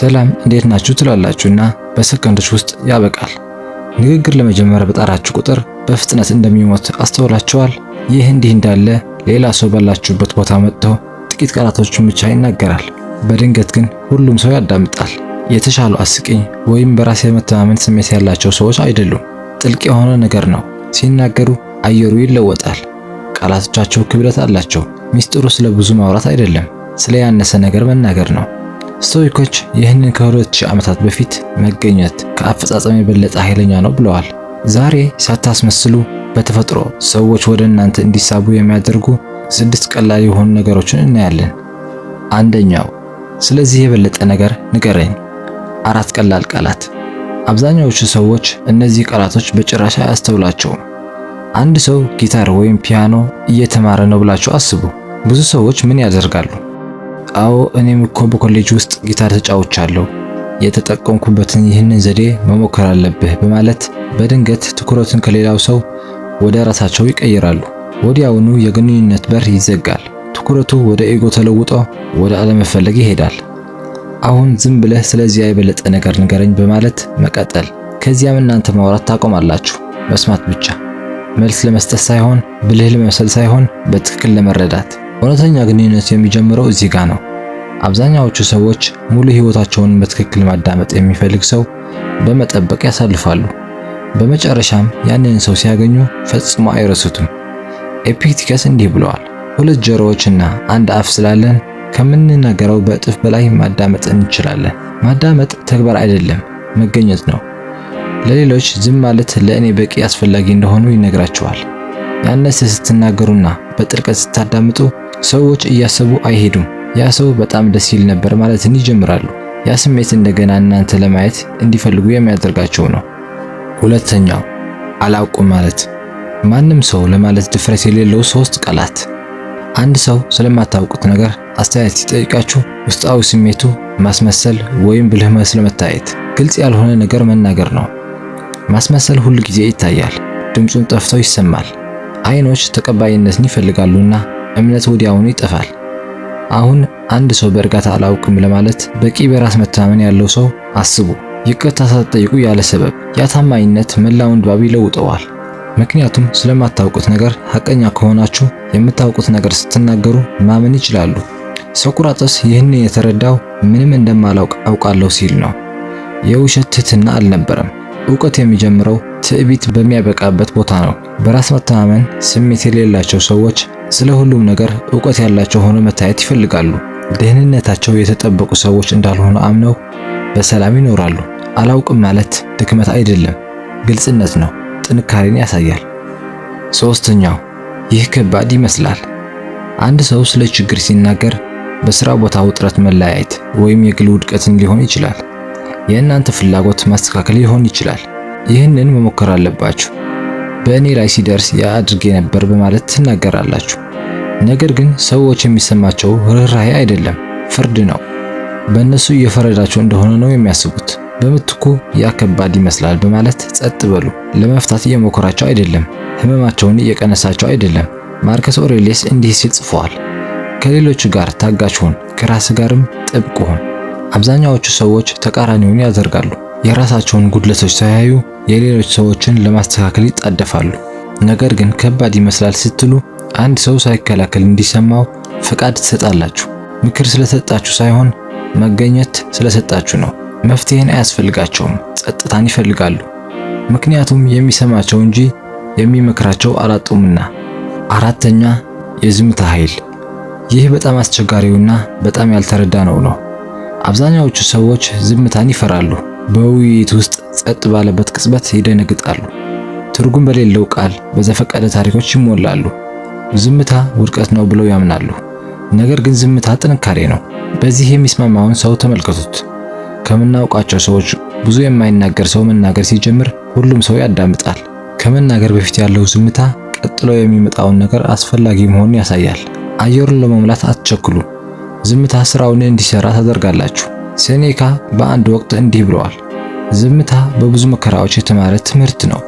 ሰላም እንዴት ናችሁ ትላላችሁና በሰከንዶች ውስጥ ያበቃል። ንግግር ለመጀመር በጣራችሁ ቁጥር በፍጥነት እንደሚሞት አስተውላችኋል? ይህ እንዲህ እንዳለ ሌላ ሰው ባላችሁበት ቦታ መጥቶ ጥቂት ቃላቶችን ብቻ ይናገራል። በድንገት ግን ሁሉም ሰው ያዳምጣል። የተሻሉ አስቂኝ ወይም በራስ የመተማመን ስሜት ያላቸው ሰዎች አይደሉም። ጥልቅ የሆነ ነገር ነው። ሲናገሩ አየሩ ይለወጣል። ቃላቶቻቸው ክብደት አላቸው። ሚስጥሩ ስለ ብዙ ማውራት አይደለም፣ ስለ ያነሰ ነገር መናገር ነው። ስቶይኮች ይህንን ከ2000 ዓመታት በፊት መገኘት ከአፈጻጸም የበለጠ ኃይለኛ ነው ብለዋል። ዛሬ ሳታስመስሉ በተፈጥሮ ሰዎች ወደ እናንተ እንዲሳቡ የሚያደርጉ ስድስት ቀላል የሆኑ ነገሮችን እናያለን። አንደኛው፣ ስለዚህ የበለጠ ነገር ንገረኝ። አራት ቀላል ቃላት። አብዛኛዎቹ ሰዎች እነዚህ ቃላቶች በጭራሽ አያስተውላቸውም። አንድ ሰው ጊታር ወይም ፒያኖ እየተማረ ነው ብላችሁ አስቡ። ብዙ ሰዎች ምን ያደርጋሉ? አዎ እኔም እኮ በኮሌጅ ውስጥ ጊታር ተጫውቻለሁ። የተጠቀምኩበትን ይህንን ዘዴ መሞከር አለብህ በማለት በድንገት ትኩረቱን ከሌላው ሰው ወደ ራሳቸው ይቀይራሉ። ወዲያውኑ የግንኙነት በር ይዘጋል። ትኩረቱ ወደ ኢጎ ተለውጦ ወደ አለመፈለግ ይሄዳል። አሁን ዝም ብለህ ስለዚያ የበለጠ ነገር ንገረኝ በማለት መቀጠል። ከዚያም እናንተ ማውራት ታቆማላችሁ። መስማት ብቻ፣ መልስ ለመስጠት ሳይሆን፣ ብልህ ለመምሰል ሳይሆን፣ በትክክል ለመረዳት እውነተኛ ግንኙነት የሚጀምረው እዚህ ጋር ነው። አብዛኛዎቹ ሰዎች ሙሉ ህይወታቸውን በትክክል ማዳመጥ የሚፈልግ ሰው በመጠበቅ ያሳልፋሉ። በመጨረሻም ያንን ሰው ሲያገኙ ፈጽሞ አይረሱትም። ኤፒክቲከስ እንዲህ ብለዋል፣ ሁለት ጆሮዎችና አንድ አፍ ስላለን ከምንናገረው በእጥፍ በላይ ማዳመጥ እንችላለን። ማዳመጥ ተግባር አይደለም፣ መገኘት ነው። ለሌሎች ዝም ማለት ለእኔ በቂ አስፈላጊ እንደሆኑ ይነግራቸዋል። ያነሰ ስትናገሩና በጥልቀት ስታዳምጡ ሰዎች እያሰቡ አይሄዱም። ያ ሰው በጣም ደስ ይል ነበር ማለትን ይጀምራሉ። ያ ስሜት እንደገና እናንተ ለማየት እንዲፈልጉ የሚያደርጋቸው ነው። ሁለተኛው አላውቅም ማለት ማንም ሰው ለማለት ድፍረት የሌለው ሶስት ቃላት። አንድ ሰው ስለማታውቁት ነገር አስተያየት ሲጠይቃችሁ ውስጣዊ ስሜቱ ማስመሰል ወይም ብልህ መስሎ መታየት፣ ግልጽ ያልሆነ ነገር መናገር ነው። ማስመሰል ሁል ጊዜ ይታያል፣ ድምፁን ጠፍቶ ይሰማል። አይኖች ተቀባይነትን ይፈልጋሉና እምነት ወዲያውኑ ይጠፋል። አሁን አንድ ሰው በእርጋታ አላውቅም ለማለት በቂ በራስ መተማመን ያለው ሰው አስቡ፣ ይቅርታ ሳትጠይቁ ያለ ሰበብ። ያ ታማኝነት መላውን ድባብ ይለውጠዋል። ምክንያቱም ስለማታውቁት ነገር ሐቀኛ ከሆናችሁ የምታውቁት ነገር ስትናገሩ ማመን ይችላሉ። ሶቅራጥስ ይህን የተረዳው ምንም እንደማላውቅ አውቃለሁ ሲል ነው። የውሸት ትህትና አልነበረም። እውቀት የሚጀምረው ትዕቢት በሚያበቃበት ቦታ ነው። በራስ መተማመን ስሜት የሌላቸው ሰዎች ስለ ሁሉም ነገር እውቀት ያላቸው ሆነ መታየት ይፈልጋሉ። ደህንነታቸው የተጠበቁ ሰዎች እንዳልሆኑ አምነው በሰላም ይኖራሉ። አላውቅም ማለት ድክመት አይደለም፣ ግልጽነት ነው። ጥንካሬን ያሳያል። ሶስተኛው ይህ ከባድ ይመስላል። አንድ ሰው ስለ ችግር ሲናገር በስራ ቦታ ውጥረት፣ መለያየት ወይም የግል ውድቀትን ሊሆን ይችላል። የእናንተ ፍላጎት ማስተካከል ሊሆን ይችላል። ይህንን መሞከር አለባችሁ። በእኔ ላይ ሲደርስ ያድርጌ ነበር በማለት ትናገራላችሁ። ነገር ግን ሰዎች የሚሰማቸው ርኅራኄ አይደለም፣ ፍርድ ነው። በእነሱ እየፈረዳቸው እንደሆነ ነው የሚያስቡት። በምትኩ ያከባድ ይመስላል በማለት ጸጥ በሉ። ለመፍታት እየሞከራቸው አይደለም፣ ህመማቸውን እየቀነሳቸው አይደለም። ማርከስ ኦሬሌስ እንዲህ ሲል ጽፏል። ከሌሎች ጋር ታጋች ሁን፣ ከራስ ጋርም ጥብቅ ሁን። አብዛኛዎቹ ሰዎች ተቃራኒውን ያደርጋሉ። የራሳቸውን ጉድለቶች ሳያዩ የሌሎች ሰዎችን ለማስተካከል ይጣደፋሉ። ነገር ግን ከባድ ይመስላል ስትሉ አንድ ሰው ሳይከላከል እንዲሰማው ፍቃድ ትሰጣላችሁ። ምክር ስለሰጣችሁ ሳይሆን መገኘት ስለሰጣችሁ ነው። መፍትሄን አያስፈልጋቸውም፣ ጸጥታን ይፈልጋሉ። ምክንያቱም የሚሰማቸው እንጂ የሚመክራቸው አላጡምና። አራተኛ የዝምታ ኃይል። ይህ በጣም አስቸጋሪውና በጣም ያልተረዳ ነው ነው አብዛኛዎቹ ሰዎች ዝምታን ይፈራሉ። በውይይት ውስጥ ጸጥ ባለበት ቅጽበት ይደነግጣሉ። ትርጉም በሌለው ቃል በዘፈቀደ ታሪኮች ይሞላሉ። ዝምታ ውድቀት ነው ብለው ያምናሉ። ነገር ግን ዝምታ ጥንካሬ ነው። በዚህ የሚስማማውን ሰው ተመልከቱት። ከምናውቃቸው ሰዎች ብዙ የማይናገር ሰው መናገር ሲጀምር ሁሉም ሰው ያዳምጣል። ከመናገር በፊት ያለው ዝምታ ቀጥሎ የሚመጣውን ነገር አስፈላጊ መሆኑን ያሳያል። አየሩን ለመሙላት አትቸኩሉ። ዝምታ ስራውን እንዲሰራ ታደርጋላችሁ። ሴኔካ በአንድ ወቅት እንዲህ ብለዋል፣ ዝምታ በብዙ መከራዎች የተማረ ትምህርት ነው።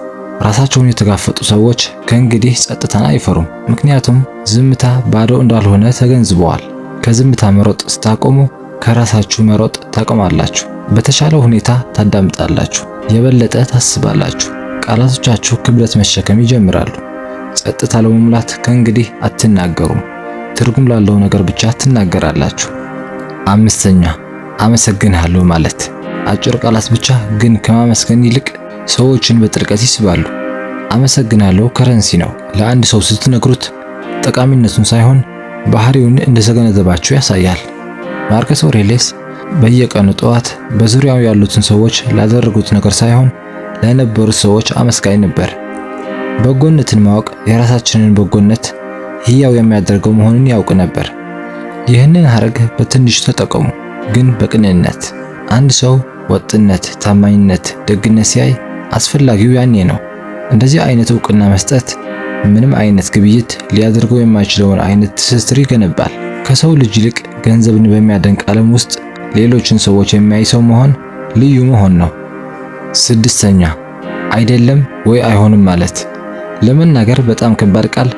ራሳቸውን የተጋፈጡ ሰዎች ከእንግዲህ ጸጥታን አይፈሩም፣ ምክንያቱም ዝምታ ባዶ እንዳልሆነ ተገንዝበዋል። ከዝምታ መሮጥ ስታቆሙ ከራሳችሁ መሮጥ ታቆማላችሁ። በተሻለ ሁኔታ ታዳምጣላችሁ፣ የበለጠ ታስባላችሁ፣ ቃላቶቻችሁ ክብደት መሸከም ይጀምራሉ። ጸጥታ ለመሙላት ከእንግዲህ አትናገሩም፣ ትርጉም ላለው ነገር ብቻ ትናገራላችሁ። አምስተኛ አመሰግንሃለሁ ማለት አጭር ቃላት ብቻ ግን ከማመስገን ይልቅ ሰዎችን በጥልቀት ይስባሉ። አመሰግናለሁ ከረንሲ ነው። ለአንድ ሰው ስትነግሩት ጠቃሚነቱን ሳይሆን ባህሪውን እንደተገነዘባችሁ ያሳያል። ማርከስ ኦሬሌስ በየቀኑ ጠዋት በዙሪያው ያሉትን ሰዎች ላደረጉት ነገር ሳይሆን ለነበሩት ሰዎች አመስጋኝ ነበር። በጎነትን ማወቅ የራሳችንን በጎነት ህያው የሚያደርገው መሆኑን ያውቅ ነበር። ይህንን ሀረግ በትንሹ ተጠቀሙ። ግን በቅንነት አንድ ሰው ወጥነት፣ ታማኝነት፣ ደግነት ሲያይ አስፈላጊው ያኔ ነው። እንደዚህ አይነት እውቅና መስጠት ምንም አይነት ግብይት ሊያደርገው የማይችለውን አይነት ትስስር ይገነባል። ከሰው ልጅ ይልቅ ገንዘብን በሚያደንቅ ዓለም ውስጥ ሌሎችን ሰዎች የሚያይ ሰው መሆን ልዩ መሆን ነው። ስድስተኛ አይደለም ወይ አይሆንም ማለት ለመናገር በጣም ከባድ ቃል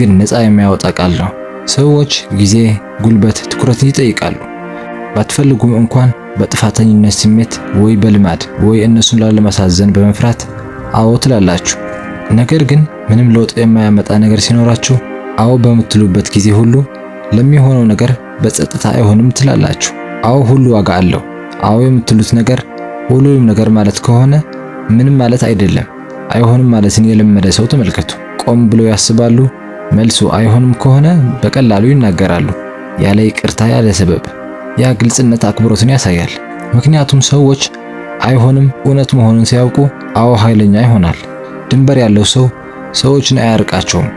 ግን ነፃ የሚያወጣ ቃል ነው። ሰዎች ጊዜ፣ ጉልበት፣ ትኩረትን ይጠይቃሉ። ባትፈልጉም እንኳን በጥፋተኝነት ስሜት ወይ በልማድ ወይ እነሱን ላለማሳዘን በመፍራት አዎ ትላላችሁ። ነገር ግን ምንም ለውጥ የማያመጣ ነገር ሲኖራችሁ አዎ በምትሉበት ጊዜ ሁሉ ለሚሆነው ነገር በጸጥታ አይሆንም ትላላችሁ። አዎ ሁሉ ዋጋ አለው። አዎ የምትሉት ነገር ሁሉም ነገር ማለት ከሆነ ምንም ማለት አይደለም። አይሆንም ማለትን የለመደ ሰው ተመልከቱ። ቆም ብለው ያስባሉ። መልሱ አይሆንም ከሆነ በቀላሉ ይናገራሉ፣ ያለ ይቅርታ፣ ያለ ሰበብ። ያ ግልጽነት አክብሮትን ያሳያል። ምክንያቱም ሰዎች አይሆንም እውነት መሆኑን ሲያውቁ አዎ ኃይለኛ ይሆናል። ድንበር ያለው ሰው ሰዎችን አያርቃቸውም።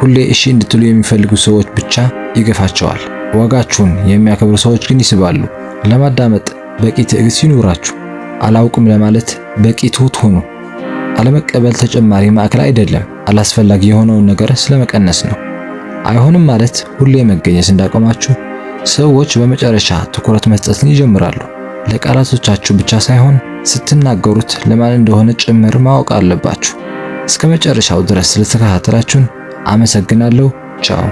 ሁሌ እሺ እንድትሉ የሚፈልጉ ሰዎች ብቻ ይገፋቸዋል። ዋጋችሁን የሚያከብሩ ሰዎች ግን ይስባሉ። ለማዳመጥ በቂ ትዕግስት ይኑራችሁ። አላውቅም ለማለት በቂ ትሁት ሁኑ። አለመቀበል ተጨማሪ ማዕከል አይደለም፣ አላስፈላጊ የሆነውን ነገር ስለመቀነስ ነው። አይሆንም ማለት ሁሌ መገኘት እንዳቆማችሁ ሰዎች በመጨረሻ ትኩረት መስጠትን ይጀምራሉ። ለቃላቶቻችሁ ብቻ ሳይሆን ስትናገሩት ለማን እንደሆነ ጭምር ማወቅ አለባችሁ። እስከ መጨረሻው ድረስ ስለተከታተላችሁን አመሰግናለሁ። ቻው